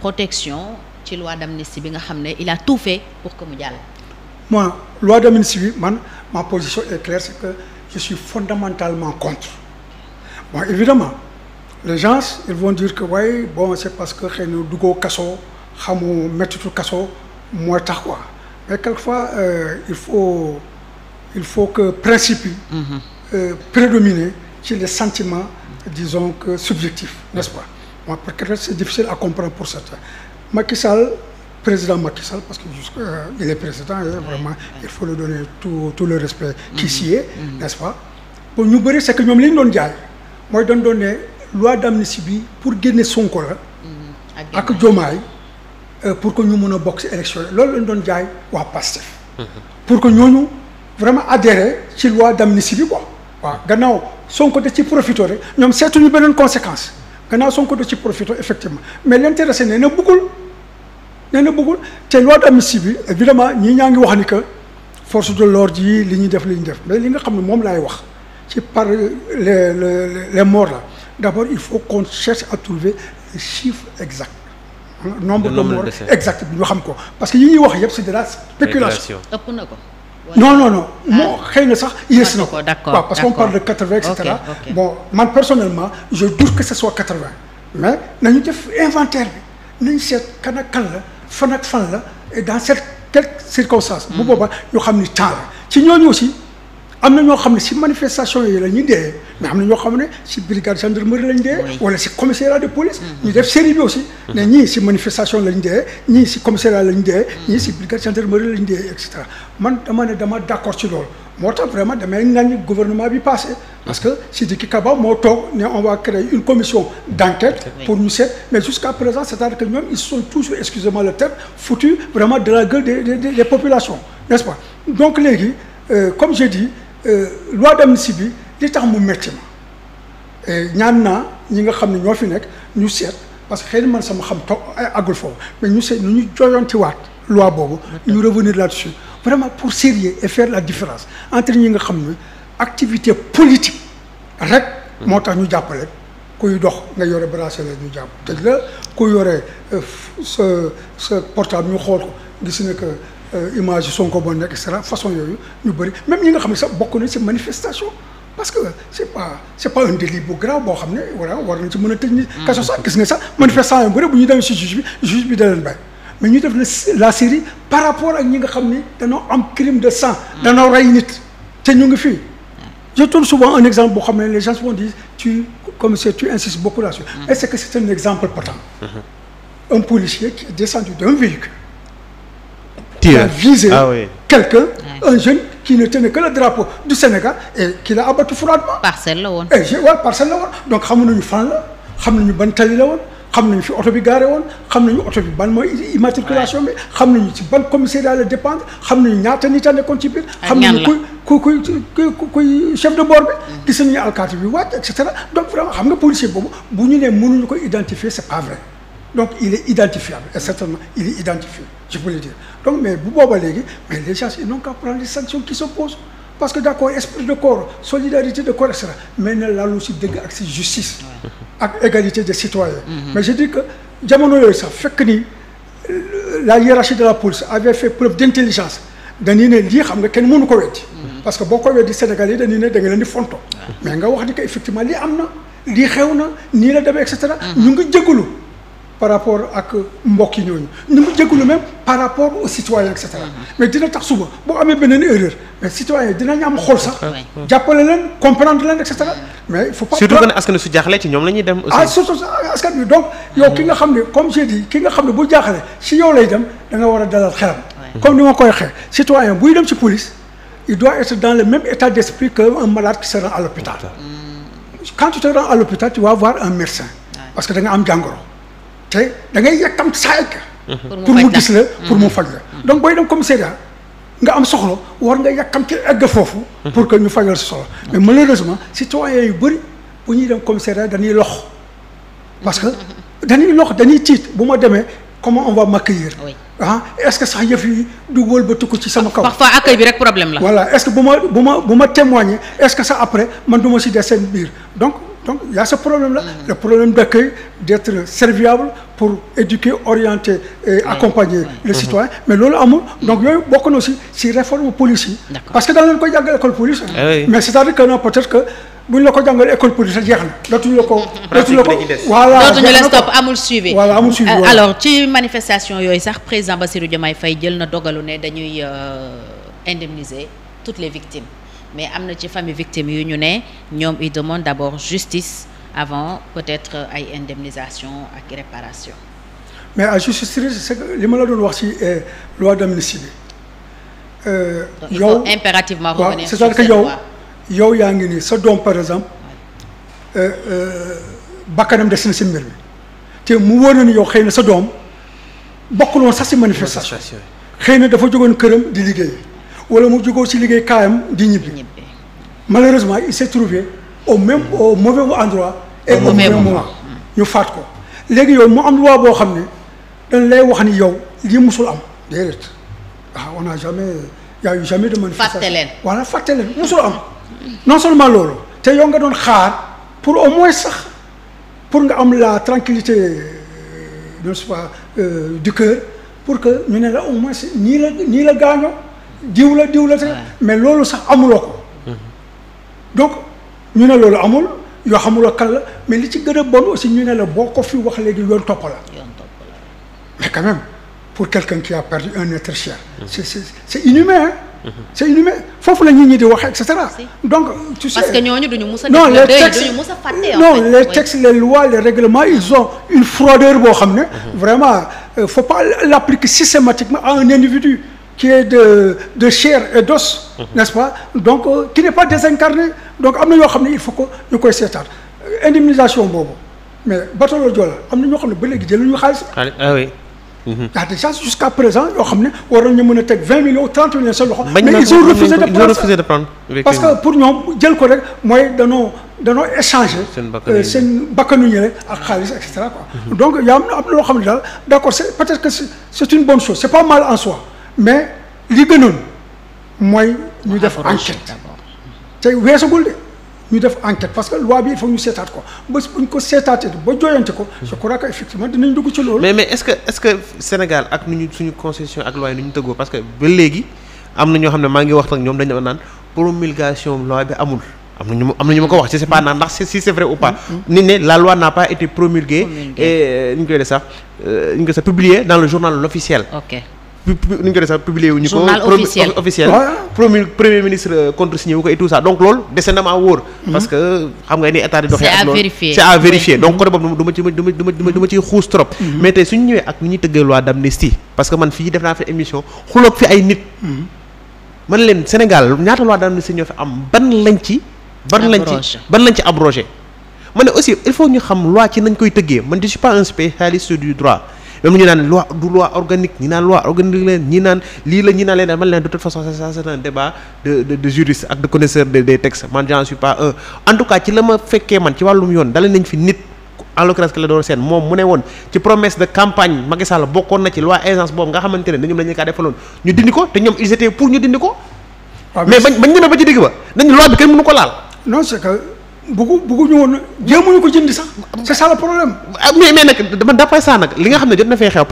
protection ci loi d'amnistie bi nga xam ne il a tout fait pour que mu jàll. moi loi d'amnistie bi man ma position est claire c'est que je suis fondamentalement contre bon évidemment les gens ils vont dire que waaye bon c'est parce que xëy na duggoo kaso xamu méttitu kaso mooy tax quoi mais quelquefois euh, il faut faut que principe yi. Mm-hmm. Euh, prédominer ci le sentiments disons que subjectifs n'est-ce pas. Bon, peut-être c'est difficile à comprendre pour certains. Macky président Macky Sall, parce que euh, il est président, et vraiment, il faut lui donner tout, tout le respect qui mm -hmm. s'y est, mm-hmm. Mm-hmm. n'est-ce pas Pour nous, c'est que nous avons dit, moi, je donne loi d'amnistie pour gagner son corps, avec Diomaye, euh, pour que nous puissions boxer l'élection. C'est ce que nous avons dit, pour que nous vraiment adhérer à la loi d'amnistie. Voilà. Gannaaw, son côté, ci profiter, ñom sétu ñu benen conséquence. gannaaw Sonko da ci profité effectivement mais l'intéressé nee na bëggul nee na bëggul te loi d'amnistie bi évidemment ñii ñaa ngi wax ni que force de l'ordre yi li ñuy def li ñuy def mais li nga xam ne moom laay wax ci par les les morts là d'abord il faut qu'on cherche à trouver les chiffres exacts nombre de morts exact bu ñu xam ko parce que yi ñuy wax yëpp c'est de la spéculation ëpp na non non non ah. moo xëy na sax yes ah, na ko waaw parce qu'on parle de quatre-vingt et cetera bon man personnellement je doute que ce soit quatre-vingt mais nañu def inventaire bi nañu seet kan ak kan la fan ak fan la et dans cette quelques circonstances bu hmm. boobaa ñu xam ni temps la ci ñooñu aussi am na ñoo xam ne si manifestation yi la ñuy dee mais am na ñoo xam ne si brigade gendarmerie lañ dee. wala si commissariat de police. Mm-hmm. ñu def série bi aussi. Mm-hmm. ne ñii si manifestation lañ dee ñii si commissariat lañ dee. ñii mm-hmm. si brigade gendarmerie lañ dee et cetera man dama ne dama d' accord ci moo tax vraiment damay ŋàññi gouvernement bi passé. parce que Sidiki Kaba moo toog ne on va créer une commission d' enquête. pour ñu seet mais jusqu' à présent c' est à dire Euh, loi d'amnistie bi li tax mu métti ma euh, ñaan naa ñi nga xam ne ñoo fi nekk ñu seet parce que xëy man sama xam toog àggul foofu mais ñu seet nu ñu jooyantiwaat loi boobu ñu revenir là-dessus vraiment pour sérieux et faire la différence entre ñi nga xam ne activité politique rek hmm. moo tax ñu jàppale kuy dox nga yore bracelet ñu jàpp tëj la ku yore euh, sa sa portable ñu xool ko gis ne que Euh, image Sonko bon nekk façon yooyu ñu bëri même ñi nga xam ne sax bokk nañ ci manifestation parce que c'est pas c'est pas un délit bu grave boo xam ne voilà war nañ ci mën a tëj ni mmh. kaso sax gis nga sax manifestant yu bëri bu ñu demee ci juge bi juge bi da leen bàyyi mais ñu def la la série par rapport ak ñi nga xam ni danoo am crime de sang mmh. danoo rey nit te ñu ngi fii je tourne souvent un exemple boo xam ne les gens souvent disent tu comme c'est tu insistes beaucoup là-dessus mmh. est-ce que c'est un exemple patent un policier qui est d'un véhicule tireur visé ah oui. quelqu'un ouais. un jeune qui ne tenait que le drapeau du Sénégal et qui l'a abattu froidement. parcelle la woon. e je waaw parcelle la woon donc xam nañu fan la xam nañu ban tali la woon xam nañu fi oto bi gaare woon xam nañu oto bi ban mooy immatriculation bi xam nañu ci ban commissariat la dépendre xam nañu ñaata nit a nekkoon ci biir. xam nañu ku ku ku ku kuy chef de bord bi. Mm. gis nañu alkaati bi wàcc et cetera donc vraiment xam nga policier boobu bu ñu nee mënuñu ko identifier c'est pas vrai. donc il est identifiable et certainement il est identifié je peux dire donc mais bu boobaa léegi mais les gens ils n'ont qu'à prendre les sanctions qui s'opposent parce que d'accord esprit de corps solidarité de corps et cetera mais na lalu si dëgg ak justice ak égalité des citoyens mm-hmm. mais je dis que jamono yooyu sax fekk ni la hiérarchie de la police avait fait preuve d'intelligence dañuy ne lii xam nga kenn mënu ko weddi mm-hmm. parce que boo ko weddi Sénégal yi dañuy ne di fonto mais nga wax ni que effectivement am na lii xew na nii la demee cetera mm-hmm. ñu ngi jégalu par rapport ak mbokk yi ñooñu ñu mu jégalu même par rapport aux citoyens et cetera mais dina tax suba boo amee beneen erreur mais citoyens dinañ am xol sax. jàppale leen comprendre leen et cetera. mais il faut pas surtout que ne askan su jaaxlee ci ñoom la ñuy dem. aussi ah surtout askan bi donc. yow ki nga xam ne comme j'ai dit ki nga xam ne bu jaaxlee si yow lay dem da war a dalal xelam. comme ni ma koy waxee citoyen buy dem ci police il doit être dans le même état d'esprit mm. parce que da am jàngoro. te da ngay yàkkam saa pour mu gis la pour mu mm-hmm. faj la mm-hmm. donc booy dem commissariat nga am soxla war nga yàkkam ci egg foofu mm-hmm. pour que ñu fajal si soxla mais malheureusement citoyens yu bëri bu ñuy dem commissariat dañuy lox parce que dañuy lox dañuy tiit bu ma demee comment on va m'accueillir ah est-ce que sax yëf yi du wëlbatiku ci sama kaw. parfois accueil bi rek problème la. voilà est-ce que bu ma bu ma bu ma témoigner est-ce que sax après man du ma si des seen biir donc. donc il y a ce problème-là. Mmh. le problème d'accueil d'être serviable pour éduquer orienter et accompagner les mhm. citoyens mais loolu amul donc yooyu bokk na si si réforme police yi. parce que da leen koy jàngal école police. Eh mais c'est-à-dire que non peut-être que. buñ la ko jàngalee école police sa jeex na dootuñu la ko. dootuñu la ko voilà dootuñu la stop amul suivi. voilà amul euh, alors ci manifestation yooyu sax président Bassirou Diomaye Faye jël na dogalu ne dañuy euh, indemniser toutes les victimes. mais am na ci famille victime yu ñu ne ñoom ils demandent d'abord justice avant peut-être ay indemnisation ak réparation mais à juste titre c'est que li ma la doon wax ci euh, loi d'amnistie bi euh, yow impérativement revenir sur cette que yow yow yaa ngi nii sa doom par exemple euh, bakkanam des na si mbir mi te mu wóor na ni yow xëy na sa doom bokkul woon sax si manifestation xëy na dafa jógoon këram di liggéey wala mu jugoo ci liggéey kaayam di ñibbi malheureusement il s'est trouver au même au mauvais endroit et au même moment ñu faat ko léegi yow mu am loi boo xam ne dañ lay wax ni yow lii musul am déedéet ah on a jamais y a eu jamais de manifestation fàtte leen musul am non seulement loolu te yow nga doon xaar pour au moins sax pour nga am la tranquillité euh, n'est-ce pas euh, du cœur pour que ñu ne la au moins nii la nii la gaañoo diw la diw la te mais loolu sax amuloo ko donc ñu ne loolu amul yoo xamuloo kan la mais li ci gën a bon aussi ñu ne la boo ko fi wax léegi yoon topp la mais quand pour quelqu'un qui a perdu un être cher c'est c'est c'est inhumain mm-hmm. foofu la nit ñi di wax et cetera. donc tu sais parce que ñooñu duñu mus a. non les textes non les textes les lois les règlements ils ont une froideur boo xam ne. Mm-hmm. vraiment euh, faut pas l'appliquer systématiquement à un individu. qui est de de chair et d'os mhm. n'est-ce pas donc euh, qui n'est pas désincarné donc am na yoo xam ne il faut ko ñu koy seetaan indemnisation boobu mais Batolo Joola am na ñoo xam ne ba léegi jëluñu xaalis ah, ah oui mhm. jusqu'à présent yoo xam ne waroon ñu mën a teg vingt millions trente millions sa loxo mais ils ont refusé de prendre parce que pour ñoom jël ko rek mooy danoo danoo échanger seen bakkanu ñële euh, ak xaalis et cetera quoi mhm. donc yaa am na am na loo xam ne daal d'accord c'est soi mais li gënoon mooy ñu def enquête te weesagul de ñu def enquête parce que loi bi il ñu seetaat ko ba buñ ko seetaatee ba ko je crois que dugg ci loolu mais mais est-ce que est-ce que Sénégal ak suñu constitution ak loi yi ñu tëggoo parce que ba léegi am na ñoo xam ne maa ngi wax ak ñoom dañu naan promulgation loi bi amul am na ñu ma am na ñu ma ko wax je sais pas naan ndax si c'est vrai ou pas. Mm-hmm. ni ne la loi n'a pas été promulguée euh, nu ñu ko def sax publier wu ñu ko officiel premier premier ministre euh, contresigné wu ko et tout donc loolu dese na maa wóor mhm. parce xam nga ni état di doxee ak c'est à vérifier donc côté boobu du ma ci xuus trop mhm. mais tey suñu ñëwee ak ni ñuy tëggee loi d'amnistie parce que man fii def naa fi émission xuloog fi ay nit mhm. man leen Sénégal ñaata loi d'amnistie ñoo fi am ban lañ ci ban lañ ci ban lañ ci abrogé man ne aussi il faut ñu xam loi ci nañ koy tëggee même ñu naan loi organique ñi naan loi organique leen ñi naan lii la ñi naan leen man leen de toute façon ça c'est un débat de de de juriste ak de connaisseur des ci la ma fekkee man ci wàllum yoon dale nañ fi nit en l'occurrence que la doon seen moom mu ne woon ci promesse de campagne Macky bokkoon na ci loi aisance boobu nga xamante ne dañu la ñu kaa defaloon ñu dindi ko te ñoom ils pour ñu dindi ko ah, mais bañ bañ demee ba ci digg ba dañ loi bi kenn mënu bëggu bëgguñu woon jéemuñu ko jënd sax c'est ça le problème. mais mais nag dama d'après ça nag li nga xam ne jot na fee xew